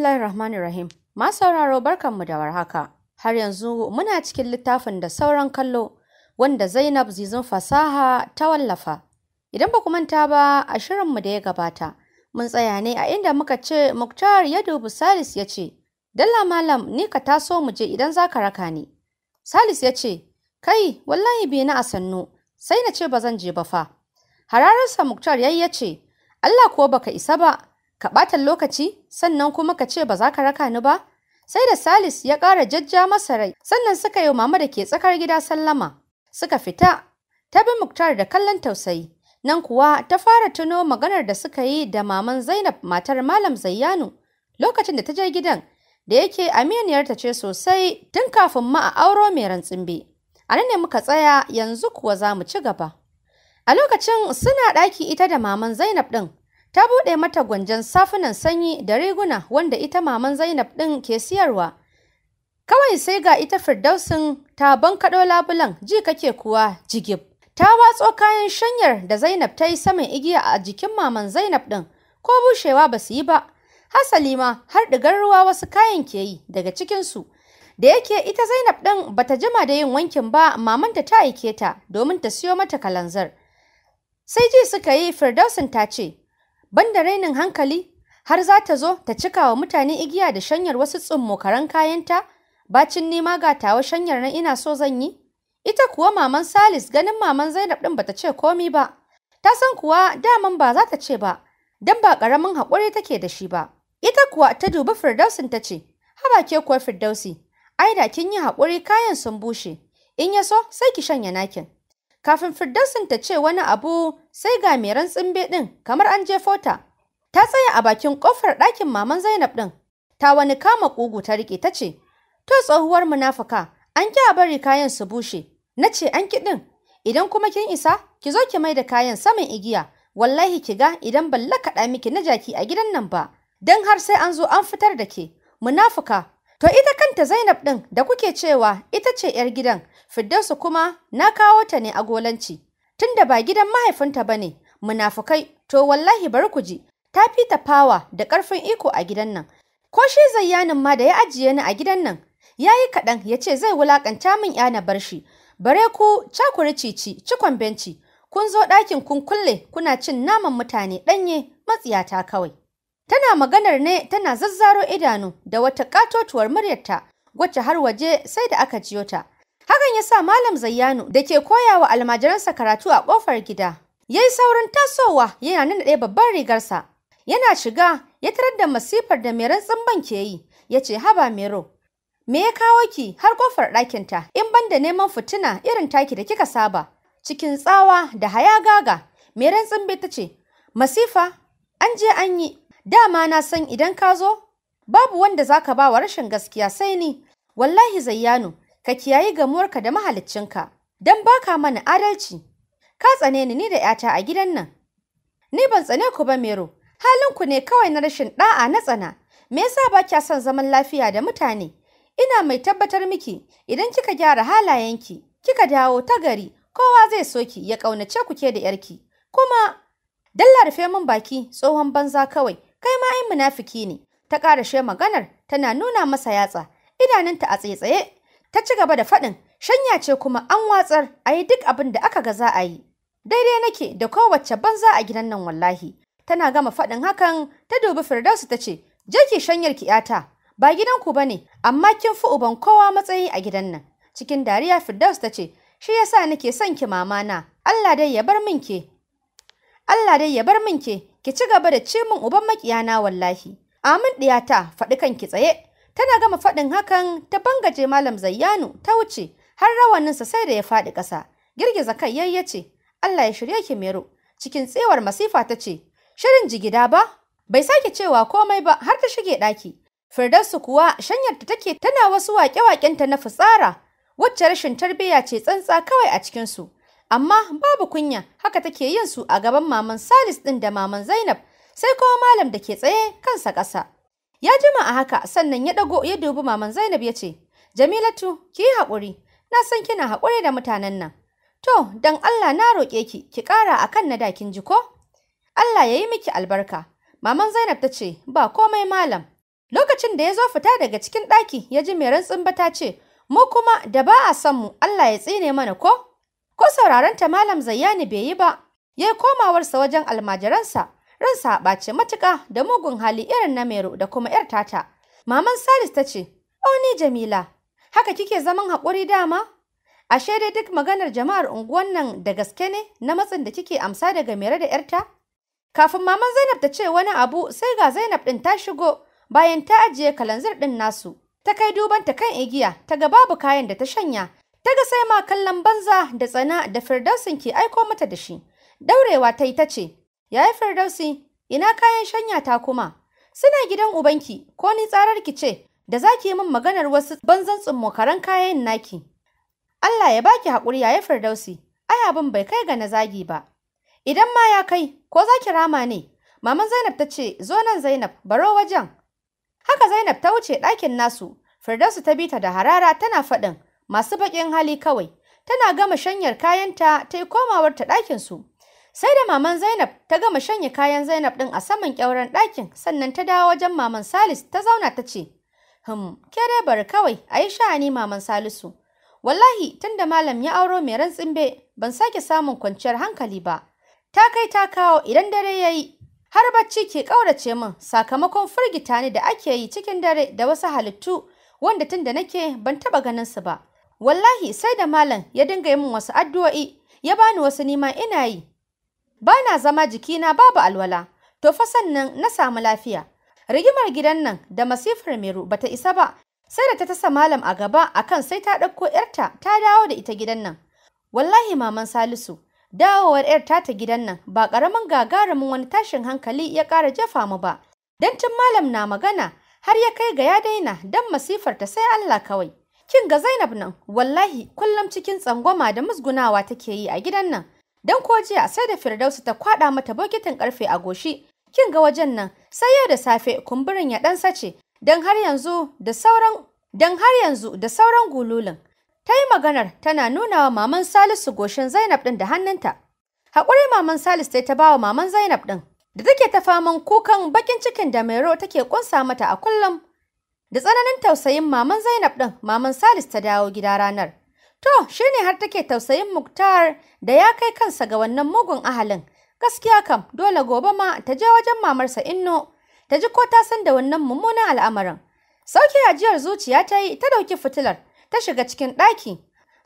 Bismillahir Rahmanir Rahim. Ma sauraro barkanmu da warhaka. Har yanzu muna cikin littafin da sauran kallo wanda Zainab Zizun fasaha ta wallafa. Idan baku ku manta ba a shirinmu da ya gabata, mun tsaya ne a inda muka ce Muktar ya dubi Salis ya ce, Dalla malam ni ka taso mu je idan za ka raka ni. Salis ya ce, Kai, wallahi bi na a sannu, sai na ce ba zan je ba fa. Hararsa Muktar yayi ya ce, Allah kuwa baka isa ba, ka ɓata lokaci sannan kuma ka ce ba za ka raka ni ba sai da salis ya ƙara jajja masa rai sannan suka yi mama da ke tsakar gida sallama suka fita ta bi muktar da kallon tausayi nan kuwa ta fara tuno maganar da suka yi da maman zainab matar malam zayyanu lokacin da ta je gidan da yake aminiyarta ce sosai tun kafin ma a auro mai rantsimbe a nan ne muka tsaya yanzu kuwa za mu ci gaba a lokacin suna ɗaki ita da maman zainab ɗin ta buɗe mata gwanjan safunan sanyi da riguna wanda ita maman Zainab ɗin ke siyarwa. Kawai sai ga ita Firdausin ta bankaɗo labulan ji kake kuwa jigib. Ta watso kayan shanyar da Zainab ta yi saman igiya a jikin maman Zainab ɗin ko bushewa ba su yi ba. Hasali ma har ɗigar ruwa wasu kayan ke yi daga cikinsu. Da yake ita Zainab ɗin ta jima da yin wankin ba mamanta ta aike ta domin ta siyo mata kalanzar. Sai ji suka yi Firdausin ta ce, banda rainin hankali har za ta zo ta cika wa mutane igiya da shanyar wasu tsummokaran kayanta bacin nema ga tawa shanyar na ina so zan yi ita kuwa maman salis ganin maman zainab din bata ce komi ba ta san kuwa daman ba za ta ce ba dan ba ƙaramin haƙuri take da shi ba ita kuwa ta dubi firdausin ta ce haba ke kuwa firdausi ai da kin yi haƙuri kayan sun bushe in ya so sai ki shanya nakin kafin firdausin ta ce wani abu sai ga mai rantsimbe ɗin kamar an jefo ta. Ta tsaya a bakin ƙofar ɗakin maman Zainab ɗin, ta wani kama ƙugu ta riƙe ta ce, To tsohuwar munafuka, an ki a bari kayan su bushe, na ce an ki ɗin, idan kuma kin isa, ki zo ki mai da kayan saman igiya, wallahi ki ga idan ban lakaɗa miki na jaki a gidan nan ba, don har sai an zo an fitar da ke, munafuka. To ita kanta Zainab ɗin da kuke cewa ita ce ‘yar gidan, Firdausu kuma na kawo ta ne a golanci. tunda ba gidan mahaifinta ba ne, munafukai, to wallahi bari ji, ta fita fawa da ƙarfin iko a gidan nan. Ko shi zayyanin ma da ya ajiye ni a gidan nan, ya yi kaɗan ya ce zai wulaƙanta min ya na bar shi, bare ku cakuri cici cikon benci, kun zo ɗakin kun kulle kuna cin naman mutane ɗanye matsiyata kawai. Tana maganar ne tana zazzaro idanu da wata ƙatotuwar muryarta wacce har waje sai da aka jiyo ta. Hakan ya sa Malam Zayyanu da ke koya wa almajiransa karatu a ƙofar gida. Ya yi saurin tasowa yana nanaɗe babban rigarsa. Yana shiga ya tarar da masifar da mai rantsin ke yi. Ya ce haba Mero. Me ya kawo ki har ƙofar ɗakinta in ban da neman fitina irin taki da kika saba. Cikin tsawa da hayagaga mai rantsin ta ce masifa an je an yi dama na san idan ka zo babu wanda za ka ba wa rashin gaskiya sai ni wallahi zayyanu ka kiyayi gamuwarka da mahaliccinka don baka mana adalci ka tsane ni da ‘yata a gidan nan ni ban tsane ku ba mero halinku ne kawai na rashin ɗa'a na tsana me yasa ba kya son zaman lafiya da mutane ina mai tabbatar miki idan kika gyara halayenki kika dawo ta gari kowa zai so ki ya ƙaunace ku ke da ‘yarki kuma dalla rufe min baki tsohon banza kawai kai ma ai munafiki ne ta karashe maganar tana nuna masa yatsa idanunta a tsaye-tsaye. ta ci gaba da faɗin shanya ce kuma an watsar a yi duk abin da aka ga za a yi daidai nake da kowace banza a gidan nan wallahi tana gama faɗin hakan ta dubi firdausu ta ce je ki shanyar ki yata ba gidanku ba ne amma kin fi uban kowa matsayi a gidan nan cikin dariya firdaus ta ce shi yasa nake son ki mamana Allah dai ya bar min ke Allah dai ya bar min ke ki ci gaba da ce min uban makiyana wallahi amin ɗiyata, faɗi kanki tsaye Tana gama faɗin hakan ta bangaje Malam Zayyanu ta wuce har rawaninsa sai da ya faɗi ƙasa. Girgiza kai yayya ce, Allah ya shirya ki Mero. Cikin tsewar masifa ta ce, Shirin jigida ba? Bai sake cewa komai ba har ta shige ɗaki. Firdausu kuwa shanyarta take tana wasu waƙe-waƙenta na fitsara, wacce rashin tarbiyya ce tsantsa kawai a cikinsu. Amma babu kunya haka take yin su a gaban maman Salis ɗin da maman Zainab, sai kuma malam da ke tsaye kansa ƙasa. Ya jima a haka sannan ya dago ya dubi maman Zainab ya ce, Jamilatu, ki yi haƙuri, na san kina haƙuri da mutanen nan. To, don Allah na roƙe ki, ki ƙara a kan na da ji ko? Allah ya yi miki albarka. Maman Zainab ta ce, ba komai malam. Lokacin da ya zo fita daga cikin ɗaki ya ji mai rantsin bata ce, mu kuma da ba a san mu Allah ya tsine mana ko? Ko sauraron ta malam Zayyani bai yi ba, ya yi komawarsa wajen almajiransa ran sa ɓace matuƙa da mugun hali irin na Mero da kuma ‘yar tata. Maman Salis ta ce, "O ni Jamila, haka kike zaman haƙuri dama?" Ashe dai duk maganar jama'ar unguwan nan da gaske ne na matsin da kike amsa daga Mero da ‘yarta? Kafin maman Zainab ta ce wani abu sai ga Zainab ɗin ta shigo bayan ta ajiye kalanzir ɗin nasu. Ta kai duban ta kan igiya, ta ga babu kayan da ta shanya, ta ga sai ma kallon banza da tsana da firdausin ke aiko mata da shi. Daurewa ta yi ta ce, Ya yi Firdausi, ina kayan shanya ta kuma? Suna gidan ubanki, ko ni tsararki ce, da za ki yi min maganar wasu banzan tsummokaran kayan naki. Allah ya baki haƙuri ya yi Firdausi, ai abin bai kai ga na zagi ba. Idan ma ya kai, ko za ki rama ne? Maman Zainab ta ce, zo nan Zainab, baro wajen. Haka Zainab ta wuce ɗakin nasu, firdausi ta bi ta da harara tana faɗin, masu baƙin hali kawai. Tana gama shanyar kayanta ta yi komawarta ɗakinsu. Sai da maman Zainab ta gama shanye kayan Zainab ɗin a saman ƙyauren ɗakin sannan ta dawo wajen maman Salis ta zauna ta ce, Hum, ke dai bari kawai a yi sha'ani maman Salisu. Wallahi tun da malam ya auro mai rantsin be ban sake samun kwanciyar hankali ba. Ta kai ta kawo idan dare ya yi har bacci ke ƙaurace min sakamakon firgita ne da ake yi cikin dare da wasu halittu wanda tun da nake ban taɓa ganin su ba. Wallahi sai da malam ya dinga yi min wasu addu'o'i ya bani wasu nima ina yi ba na zama jikina babu alwala, to fa sannan na samu lafiya. Rigimar gidan nan da masifar Meru bata isa ba, sai da ta tasa malam a gaba akan sai ta ɗauko ‘yarta ta dawo da ita gidan nan. Wallahi maman Salisu, dawowar 'yarta ta gidan nan ba ƙaramin gagarumin wani tashin hankali ya ƙara jefa mu ba, don tun malam na magana har ya kai ga ya daina don masifar ta sai Allah kawai. Kin ga Zainab nan, wallahi kullum cikin tsangwama da musgunawa take yi a gidan nan. Don ko jiya sai da Firdausu ta kwaɗa mata bokitin karfe a goshi. Kin ga wajen nan sai yau da safe kumburin ya ɗan sace don har yanzu da sauran dan har yanzu da sauran gululin. Ta yi maganar tana nuna wa maman Salisu goshin Zainab ɗin da hannunta. Haƙuri maman Salis ta ba wa maman Zainab ɗin da take ta faman kukan bakin cikin da Mero take ƙunsa mata a kullum. Da tsananin tausayin maman Zainab ɗin maman Salis ta dawo gida ranar. To, shi ne har take tausayin Muktar da ya kai kansa ga wannan mugun ahalin. Gaskiya kam, dole gobe ma ta je wajen mamarsa Inno, ta ji ko ta san da wannan mummunan al'amarin. Sauke ajiyar zuciya ta yi, ta ɗauki fitilar, ta shiga cikin ɗaki.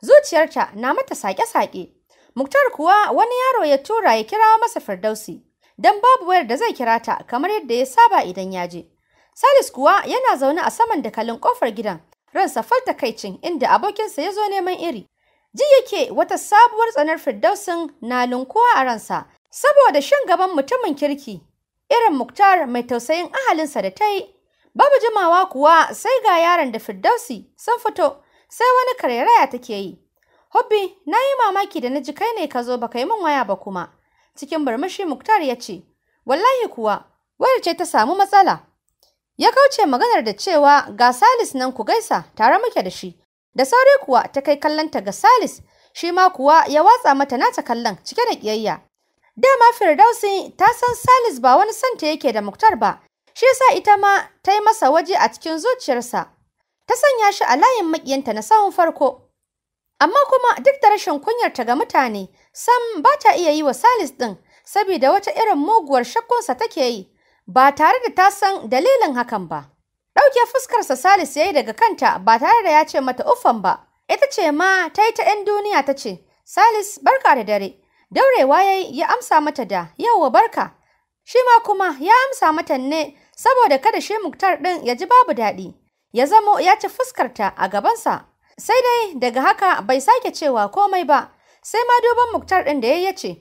Zuciyarta na mata saƙe-saƙe. Muktar kuwa wani yaro ya tura ya kirawo masa Firdausi, don babu wayar da zai kira ta kamar yadda ya saba idan ya je. Salis kuwa yana zaune a saman dakalin ƙofar gidan, ransa fal takaicin inda abokinsa ya zo neman iri. Ji yake wata sabuwar tsanar Firdausin na lunkuwa a ransa saboda shan gaban mutumin kirki irin Muktar mai tausayin ahalinsa da ta yi. Babu jimawa kuwa sai ga yaron da Firdausi sun fito sai wani karairaya take yi. Hobbi na yi mamaki da na ji kai ne ka zo baka yi min waya ba kuma. Cikin murmushi Muktar ya ce, Wallahi kuwa, wayar ce ta samu matsala. Ya kauce maganar da cewa ga Salis nan ku gaisa tare muke da shi. Da sauri kuwa ta kai kallonta ga Salis, shi ma kuwa ya watsa mata nata kallon cike da kiyayya Dama Firdausi ta san Salis ba wani santa yake da Muktar ba, shi yasa ita ma ta yi masa waje a cikin zuciyarsa. Ta sanya shi a layin makiyanta na sahun farko. Amma kuma duk da rashin kunyarta ga mutane, Sam ba ta iya yi wa Salis ɗin, saboda wata irin muguwar shakkunsa take yi. ba tare da ta san dalilin hakan ba. Ɗauke fuskarsa salis ya yi daga kanta ba tare da ya ce mata ufan ba, ita ce ma ta yi ta ‘yan duniya ta ce, Salis barka da dare, daurewa ya ya amsa mata da yau wa barka, shi ma kuma ya amsa mata ne saboda kada shi muktar ɗin ya ji babu daɗi, ya zamo ya ci fuskarta a gabansa. Sai dai daga haka bai sake cewa komai ba, sai ma duban muktar ɗin da ya ce,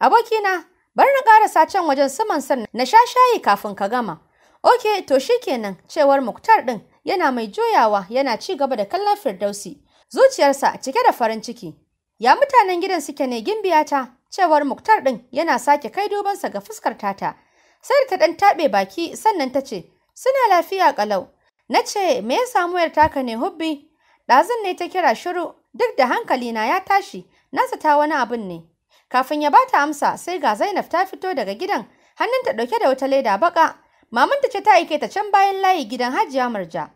Abokina, Bari na ƙarasa can wajen saman san na sha shayi kafin ka gama. Ok, to shi kenan cewar Muktar ɗin yana mai juyawa yana ci gaba da kallon Firdausi. Zuciyarsa cike da farin ciki. Ya mutanen gidan suke ne gimbiyata cewar Muktar ɗin yana sake kai dubansa ga fuskar tata. Sai ta ɗan taɓe baki sannan ta ce, Suna lafiya ƙalau. Na ce, me ya samu yar taka ne hubbi? Ɗazun ne ta kira shiru duk da hankalina ya tashi, nasa ta wani abin ne. Kafin ya bata amsa sai ga Zainab ta fito daga gidan hannunta dauke da wata leda baka. Mamanta ce ta aike ta can bayan layi gidan Hajiya Murja.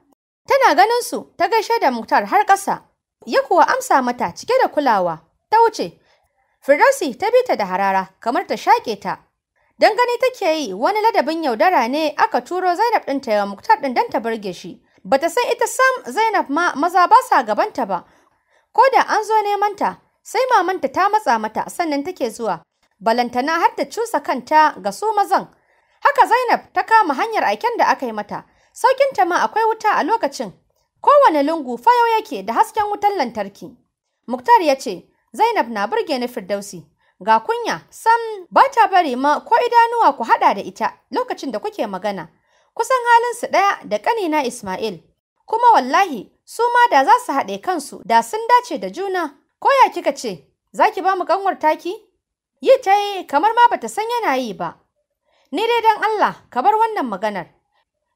Tana ganin su ta gaishe da Muktar har ƙasa. Ya kuwa amsa mata cike da kulawa. Ta wuce. Firdausi ta bi ta da harara kamar ta shaƙe ta. Dan gani take yi wani ladabin yaudara ne aka turo Zainab ɗin ta Muktar ɗin don ta burge shi. Bata san ita sam Zainab ma maza ba sa gabanta ba. Ko da an zo neman ta, sai mamanta ta matsa mata sannan take zuwa balantana har ta cusa kanta ga su mazan haka zainab ta kama hanyar aiken da aka yi mata saukinta ma akwai wuta a lokacin kowane lungu fayo yake da hasken wutar lantarki muktar ya ce zainab na burge ni firdausi ga kunya sam ba ta bari ma ko idanuwa ku haɗa da ita lokacin da kuke magana kusan halinsu ɗaya da ƙanina ismail kuma wallahi su ma da za su haɗe kansu da sun dace da juna Ko ya kika ce, za ki ba mu ƙanwar taki? Yi ta yi kamar ma bata san yana yi ba. Ni dai don Allah ka bar wannan maganar.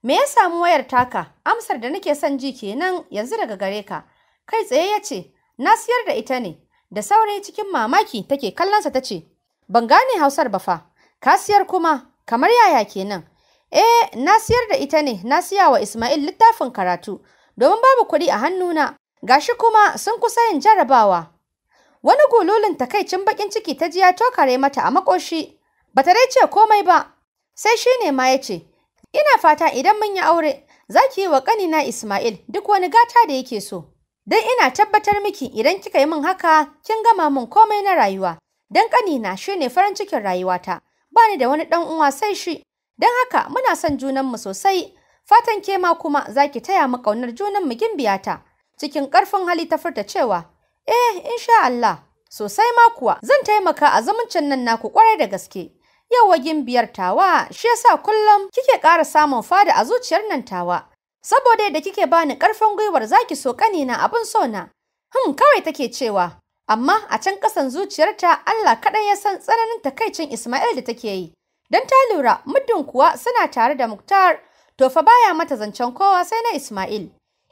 Me ya samu wayar taka? Amsar da nake son ji kenan yanzu daga gare ka. Kai tsaye ya ce, na siyar da ita ne. Da sauri cikin mamaki take kallonsa ta ce, ban gane Hausar ba fa. Ka siyar kuma, kamar yaya kenan? Eh, na siyar da ita ne, na siya wa Ismail littafin karatu, domin babu kuɗi a hannuna, gashi kuma sun kusa yin jarabawa. wani gululin takaicin bakin ciki ta jiya tokare mata a makoshi bata dai ce komai ba sai shi ne ma ya ce ina fata idan mun yi aure za ki yi wa ƙanina Ismail duk wani gata da yake so don ina tabbatar miki idan kika yi min haka kin gama min komai na rayuwa don ƙanina ne farin cikin rayuwata ba ni da wani ɗan uwa sai shi don haka muna son junanmu sosai fatan ke ma kuma za ki taya mu ƙaunar gimbiya ta? cikin ƙarfin hali ta furta cewa Eh, insha Allah, sosai ma kuwa zan taimaka a zamancin nan naku kwarai da gaske. Yau wajen biyar tawa, shi yasa kullum kike ƙara samun fada a zuciyar nan tawa. Saboda da kike bani ƙarfin gwiwar zaki so na abin so na. Hmm, kawai take cewa, amma a can ƙasan zuciyarta Allah kaɗai ya san tsananin takaicin Ismail da take yi. Don ta lura muddin kuwa suna tare da Muktar, to fa baya mata zancen kowa sai na Ismail.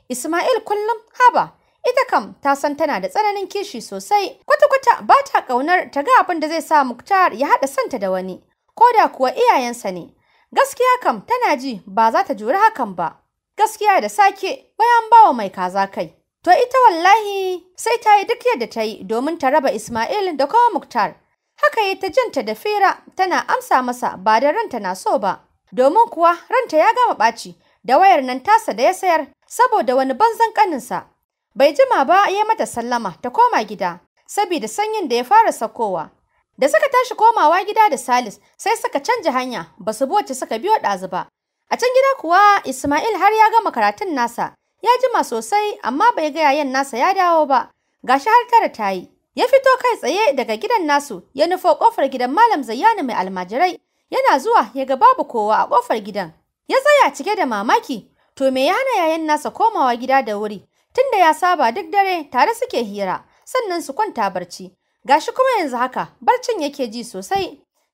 Ismail kullum haba, Ita kam ta san tana da tsananin kishi sosai, kwata-kwata ba ta ƙaunar ta ga abin da zai sa Muktar ya haɗa santa da wani, ko da kuwa iyayensa ne. Gaskiya kam tana ji ba za ta juri hakan ba. Gaskiya da sake bayan bawa mai kaza kai. To ita wallahi sai ta yi duk yadda ta yi domin ta raba Ismail da kuma Muktar. Haka yi ta jinta da fira tana amsa masa ba da ranta na so ba. Domin kuwa ranta ya gama ɓaci da wayar nan tasa da ya sayar saboda wani banzan ƙaninsa. Bai jima ba ya mata sallama ta koma gida, saboda sanyin da ya fara sakowa. Da suka tashi komawa gida da Salis, sai suka canja hanya, ba su boce suka biyo ɗazu ba. A can gida kuwa Ismail har ya gama karatun nasa, ya jima sosai amma bai ga yayan nasa ya dawo ba. Gashi har tara ta yi. Ya fito kai tsaye daga gidan nasu, ya nufo kofar gidan Malam Zayyani mai almajirai. Yana zuwa ya ga babu kowa a kofar gidan. Ya tsaya cike da mamaki, to me ya hana yayan nasa komawa gida da wuri? tunda ya saba duk dare tare suke hira sannan su kwanta barci gashi kuma yanzu haka barcin yake ji sosai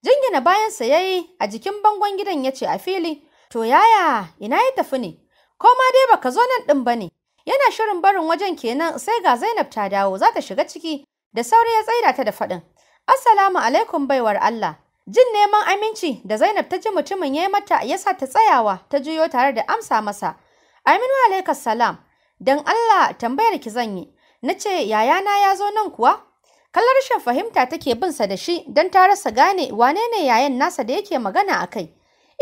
jingina bayan sa yayi a jikin bangon gidan yace a fili to yaya ina ya tafi ne ko ma dai baka zo nan din ba ne yana shirin barin wajen kenan sai ga zainab ta dawo za ta shiga ciki da sauri ya tsaida ta da faɗin assalamu alaikum baiwar allah jin neman aminci da zainab ta ji mutumin ya yi mata yasa ta tsayawa ta juyo tare da amsa masa aminu alaikas salam Don Allah tambayar ki zan yi, na ce yayana ya zo nan kuwa? Kallar rashin fahimta take binsa da shi don ta rasa gane wane ne yayan nasa da yake magana a kai.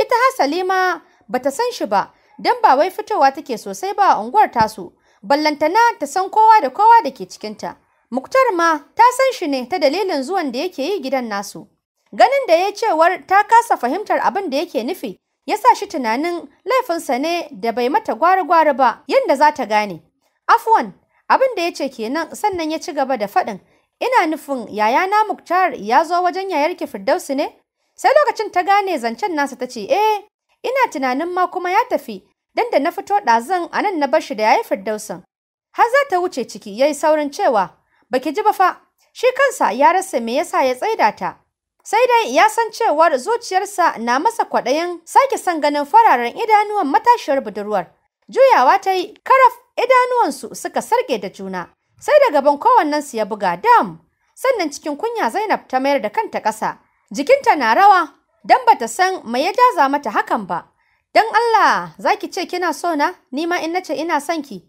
Ita hasali ma ba ta san shi ba, don ba wai fitowa take sosai ba a unguwar tasu, ballantana ta san kowa da kowa da ke cikinta. Muktar ma ta san shi ne ta dalilin zuwan da yake yi gidan nasu. Ganin da ya cewar ta kasa fahimtar abin da yake nufi, ya sa shi tunanin laifinsa ne da bai mata gwari-gwari ba yadda za ta gane. Afwan, abin da ya ce kenan sannan ya ci gaba da faɗin, ina nufin yayana Muktar ya zo wajen yayarki Firdausi ne? Sai lokacin ta gane zancen nasa ta ce, eh, ina tunanin ma kuma ya tafi, dan da na fito ɗazan a nan na bar shi da yayi Firdausin. Har za ta wuce ciki ya yi saurin cewa, baki ji ba fa, shi kansa ya rasa me yasa ya tsaida ta. sai dai ya san cewar zuciyarsa na masa kwaɗayin sake san ganin fararen idanuwan matashiyar budurwar. Juyawa ta yi karaf idanuwansu suka sarge da juna, sai da gaban kowannensu ya buga dam. Sannan cikin kunya Zainab ta mayar da kanta ƙasa, jikinta na rawa don bata san mai ya jaza mata hakan ba. Don Allah za ki ce kina so na, ni ma in nace ina son ki.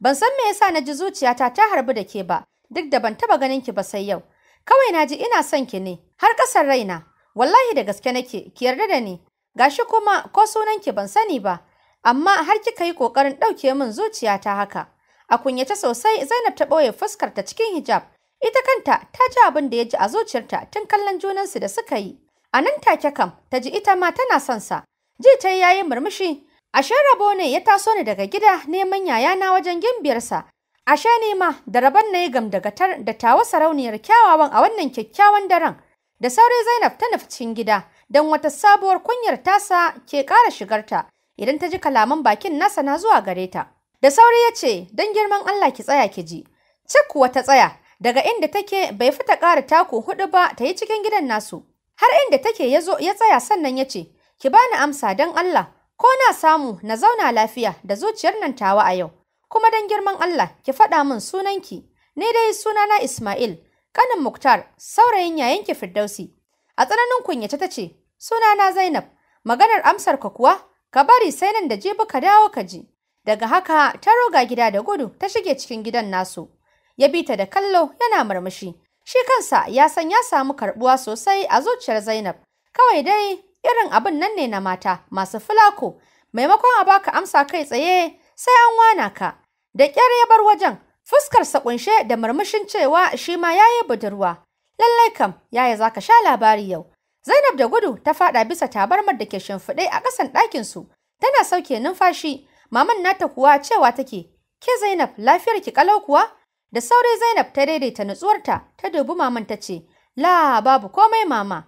Ban san me yasa na ji zuciyata ta harbi da ke ba, duk da ban taba ganin ki ba sai yau. Kawai na ji ina son ki ne, har ƙasar raina, wallahi da gaske nake, ki yarda da ni. Gashi kuma ko sunan ki ban sani ba, amma har kika yi ƙoƙarin ɗauke min zuciyata haka. A kunyata sosai Zainab ta ɓoye ta cikin hijab, ita kanta ta ji abin da ya ji a zuciyarta tun kallon junansu da suka yi. A nan take kam, ta ji ita ma tana son sa. Ji ta yayi murmushi, a rabo ne ya taso ni daga gida neman yayana wajen gimbiyarsa Ashe ne ma da rabon na yi gamdagatar da tawa sarauniyar kyawawan a wannan kyakkyawan daren. Da sauri Zainab ta nufi cikin gida don wata sabuwar kunyar tasa ke ƙara shigarta idan ta ji kalaman bakin nasa na zuwa gare ta. Da sauri ya ce, don girman Allah ki tsaya ki ji. Cik kuwa ta tsaya, daga inda take bai fita ƙara taku huɗu ba ta yi cikin gidan nasu. Har inda take ya zo ya tsaya sannan ya ce, ki bani amsa don Allah, ko na samu na zauna lafiya da zuciyar nan tawa a yau. kuma don girman Allah ki faɗa min sunanki. Ne dai sunana Ismail, ƙanin Muktar, saurayin yayanki Firdausi. A tsananin kunyace ta ce, sunana Zainab, maganar amsarka kuwa, ka bari sai nan da jibi ka dawo ka ji. Daga haka ta roga gida da gudu ta shige cikin gidan nasu. Ya bi ta da kallo yana murmushi. Shi kansa ya san ya samu karɓuwa sosai a zuciyar Zainab. Kawai dai irin abin nan ne na mata masu fulako. Maimakon a baka amsa kai tsaye sai an wana ka. Da kyar ya bar wajen, Fuskar sa kunshe da murmushin cewa shi ma yayi budurwa. Lallai kam, yaya zaka sha labari yau. Zainab da gudu ta faɗa bisa tabarmar da ke shimfiɗe a ƙasan su tana sauke numfashi, maman nata kuwa cewa take, ke Zainab lafiyar ki kalau kuwa? Da sauri Zainab ta daidaita nutsuwarta, ta dubi maman ta ce, la babu komai mama.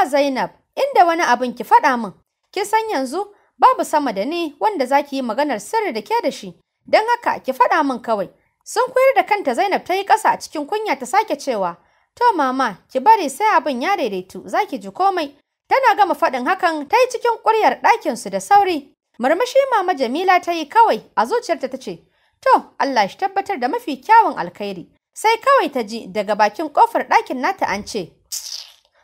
A Zainab, inda wani abin ki faɗa min, kin san yanzu babu sama da ni wanda za ki yi maganar sirri da ke da shi, don haka ki faɗa min kawai. Sun koyar da kanta Zainab ta yi ƙasa a cikin kunya ta sake cewa, To mama, ki bari sai abin ya daidaitu, za ki ji komai. Tana gama faɗin hakan ta yi cikin ƙuryar ɗakinsu da sauri. Murmushi mama Jamila ta yi kawai a zuciyarta ta ce, To, Allah shi tabbatar da mafi kyawun alkhairi. Sai kawai ta ji daga bakin kofar ɗakin nata an ce,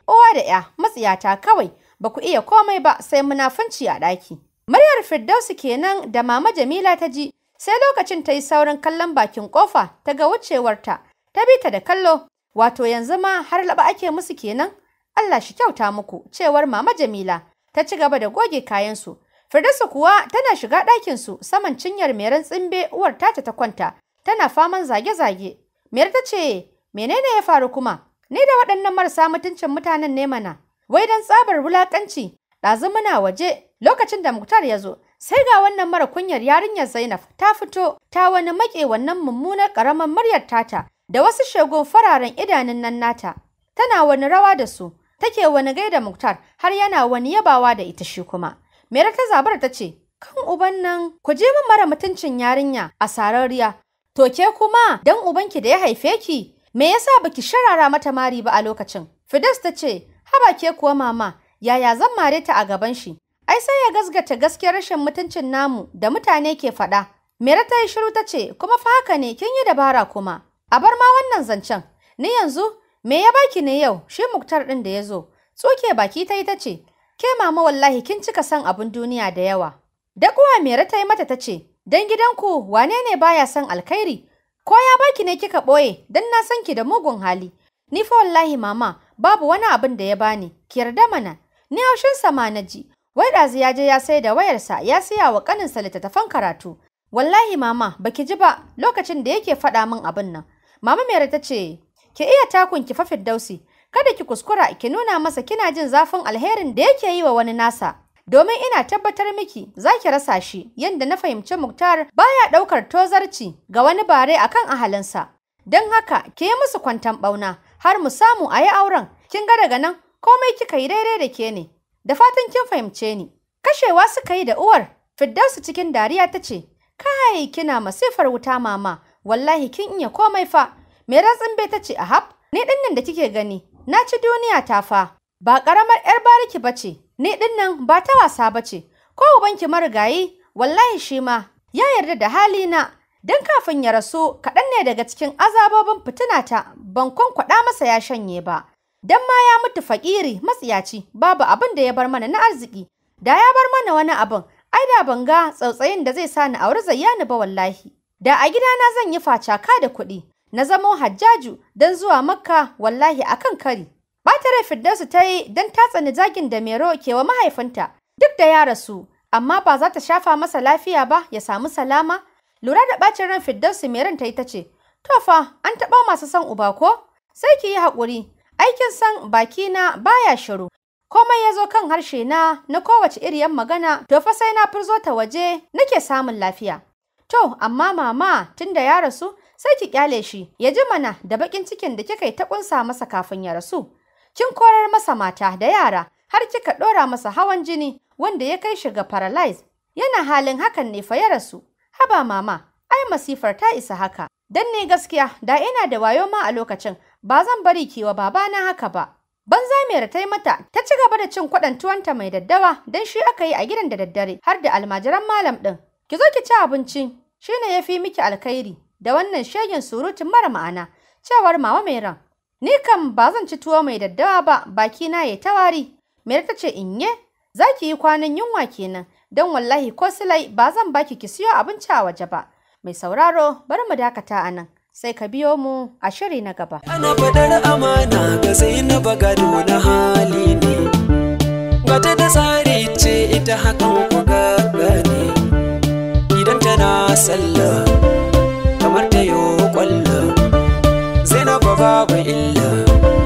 Uwa da ‘ya, matsiyata kawai, ba ku iya komai ba sai munafunci a ɗaki. Muryar Firdausu kenan da Mama Jamila ta ji sai lokacin ta yi saurin kallon bakin ƙofa ta ga wucewarta ta bi ta da kallo wato yanzu ma har laba ake musu kenan Allah shi kyauta muku cewar Mama Jamila ta ci gaba da goge kayansu. Firdausu kuwa tana shiga ɗakin su saman cinyar Meran tsimbe uwar tata ta kwanta tana faman zage-zage. Mer ta ce menene ya faru kuma? Ni da waɗannan marasa mutuncin mutanen ne mana. wai dan tsabar wulakanci ɗazu muna waje lokacin da Muktar ya zo sai ga wannan mara kunyar yarinyar Zainab ta fito ta wani maƙe wannan mummunar ƙaramar muryar tata da wasu shagon fararen idanun nan nata tana wani rawa da su take wani gaida Muktar har yana wani yabawa da ita shi kuma Mera ta zabar ta ce kan uban nan ku je min mara mutuncin yarinya a sarariya to ke kuma dan ubanki da ya haife ki me yasa baki sharara mata mari ba a lokacin Fidas ta ce haba ke kuwa mama yaya zan mare ta a gaban shi ai sai ya gasgata gaskiyar rashin mutuncin namu da mutane ke faɗa mere ta yi shiru ta ce kuma fa haka ne kin yi dabara kuma a bar ma wannan zancen ni yanzu me ya baki ne yau shi muktar ɗin da ya zo tsoke baki ta yi ta ce ke mama wallahi kin cika san abin duniya da yawa dakuwa mera ta yi mata ta ce don gidanku wane ne baya son alkhairi ko ya baki ne kika ɓoye don na san ki da mugun hali ni fa wallahi mama babu wani abin da ya bani ki yarda mana ni haushinsa ma na ji wai ɗazu ya je ya sai da wayarsa ya siya wa ƙaninsa littattafan karatu wallahi mama baki ji ba lokacin da yake faɗa min abin nan mama mera ta ce ki iya takun ki fafi dausi kada ki kuskura ki nuna masa kina jin zafin alherin da yake yi wa wani nasa domin ina tabbatar miki za ki rasa shi yadda na fahimci muktar baya ɗaukar tozarci ga wani bare akan ahalinsa don haka ki yi musu kwantan ɓauna har mu samu a yi auren kin ga daga nan komai kika yi daidai da ke ne da fatan kin fahimce ni kashewa suka yi da uwar firdausu cikin dariya ta ce kai kina masifar wuta mama wallahi kin iya komai fa mai ratsin bai ta ce a hab ni din nan da kike gani na ci duniya ta fa ba karamar yar bariki bace ni dinnan ba ta wasa bace ko ubanki marigayi wallahi shi ma ya yarda da halina Don kafin ya rasu kaɗan ne daga cikin azabobin fitina ta ban kwankwaɗa masa ya shanye ba. Don ma ya mutu faƙiri matsiyaci babu abin da ya bar mana na arziki. Da ya bar mana wani abin ai da ban ga tsautsayin da zai sa ni auri zayyani ba wallahi. Da a gidana zan yi facaka da kuɗi. Na zamo hajjaju don zuwa makka wallahi a kan kari. rai Firdausu ta yi don ta tsani zagin da Mero ke wa mahaifinta duk da ya rasu, amma ba za ta shafa masa lafiya ba ya samu salama Lura da bacin ran Fiddausi mai ranta ita ce, To fa, an taɓa masu san uba ko? Sai ki yi haƙuri, aikin san baki na baya shiru. Komai ya zo kan harshe na na kowace iriyan magana, to fa sai na furzo ta waje nake samun lafiya. To, amma mama tunda ya rasu, sai ki kyale shi, ya ji mana da baƙin cikin da kika yi ta ƙunsa masa kafin ya rasu. Kin korar masa mata da yara, har kika ɗora masa hawan jini wanda ya kai shi ga paralyze. Yana halin hakan ne fa ya rasu. Haba mama, ai masifar ta isa haka. Dan ne gaskiya, da ina da wayo ma a lokacin, ba zan bari kiwa na haka ba. Ban za ta yi mata, ta ci gaba da cin kwaɗan tuwanta mai daddawa dan shi aka yi a gidan da daddare har da almajiran malam ɗin. Ki zo ki ci abinci, shi ne ya fi miki alkhairi da wannan shegin surutun mara ma'ana, cewar Mama ran. Ni kan ba zan ci tuwo mai daddawa ba, baki na yi tawari. Mai ta ce inye, za ki yi kwanan yunwa kenan, don wallahi ko silai ba zan baki ki siyo abinci a waje ba. Mai sauraro bari mu dakata a nan. Sai ka biyo mu a shiri na gaba. Ana faɗar amana ga na gado na hali ne. Gata da tsari ce ita haka ku gane. Idan tana sallah kamar ta yo kwallo. Zainaba babu illa.